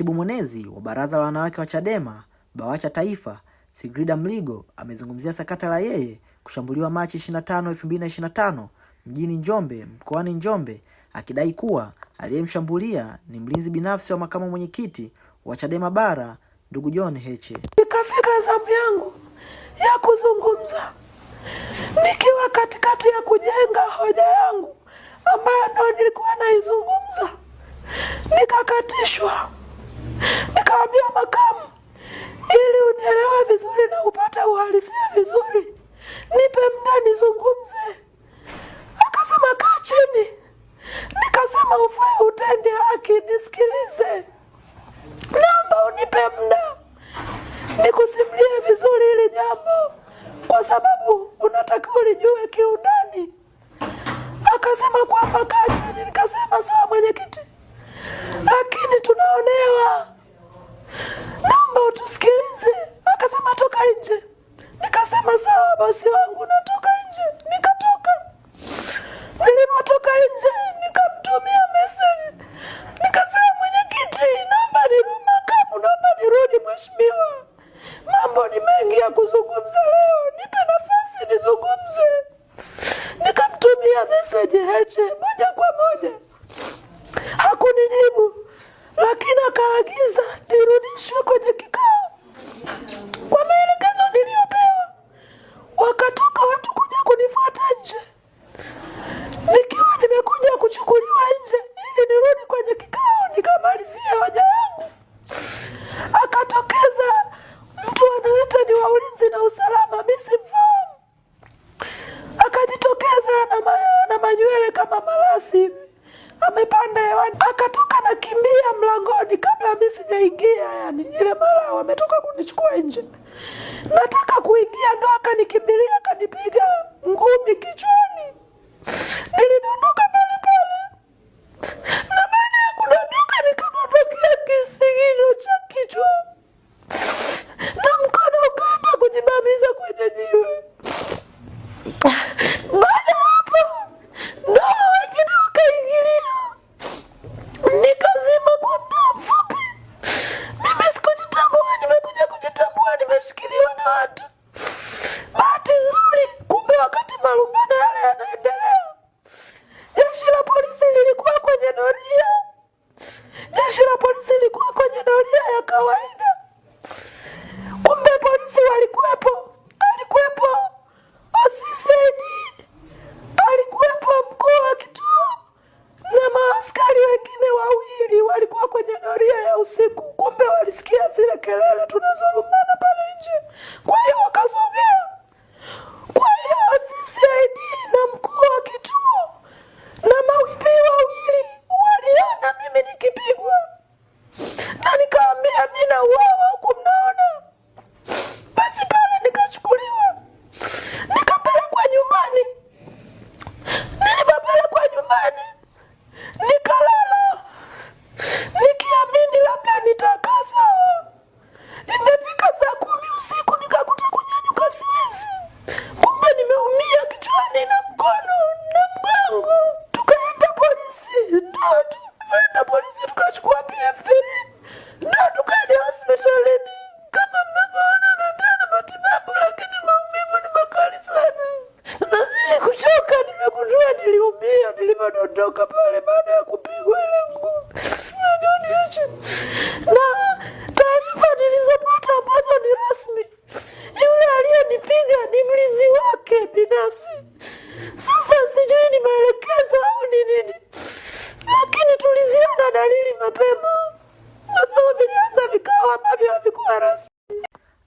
Katibu mwenezi wa Baraza la Wanawake wa Chadema BAWACHA Taifa, Sigrida Mligo amezungumzia sakata la yeye kushambuliwa Machi 25, 2025 mjini Njombe mkoani Njombe akidai kuwa aliyemshambulia ni mlinzi binafsi wa makamu mwenyekiti wa Chadema Bara ndugu John Heche. Nikafika zamu yangu ya kuzungumza nikiwa katikati ya kujenga hoja yangu ambayo ndo nilikuwa naizungumza, nikakatishwa nikaambia makamu, ili unielewe vizuri na upate uhalisia vizuri, nipe muda nizungumze. Akasema kaa chini. Nikasema ufaye utende haki, nisikilize, naomba unipe muda nikusimulie vizuri ili jambo, kwa sababu unatakiwa ulijue kiundani. bosi wangu, natoka nje. Nikatoka, nilipotoka nje nikamtumia meseji, nikasema mwenyekiti, naomba nirudi, naomba nirudi mheshimiwa, mambo ni mengi ya kuzungumza leo, nipe nafasi nizungumze. Nikamtumia meseji Heche moja kwa moja, hakunijibu lakini akaagiza nirudishwe kwenye kikao kwa maana kumalizia hoja yangu, akatokeza mtu anaita ni wa ulinzi na usalama, misi simfahamu, akajitokeza na, ma, na manywele kama marasi amepanda hewani, akatoka nakimbia mlangoni kabla mi sijaingia. Yani ile mara wametoka kunichukua nje, nataka kuingia, ndo akanikimbilia akanipiga ngumi kichwani, nilidondoka. Lord. Askari wengine wawili walikuwa kwenye doria ya usiku, kumbe walisikia zile kelele tunazolumana pale nje, kwa hiyo wakasogea. Kwa hiyo CCID na mkuu wa kituo na mawipi wawili waliona mimi nikipigwa na nikaambia, nina uawa watu na polisi tukachukua PF3 ndio tukaja hospitalini. Kama mnavyoona, naendelea na matibabu, lakini maumivu ni makali sana. Nazidi kuchoka, nimegundua niliumia nilivyodondoka pale baada ya kupia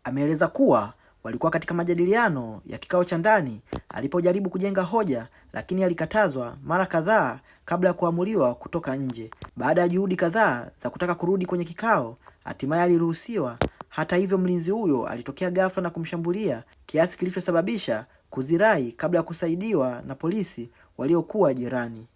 Ameeleza kuwa walikuwa katika majadiliano ya kikao cha ndani alipojaribu kujenga hoja lakini alikatazwa mara kadhaa kabla ya kuamuliwa kutoka nje. Baada ya juhudi kadhaa za kutaka kurudi kwenye kikao, hatimaye aliruhusiwa. Hata hivyo, mlinzi huyo alitokea ghafla na kumshambulia kiasi kilichosababisha kuzirai kabla ya kusaidiwa na polisi waliokuwa jirani.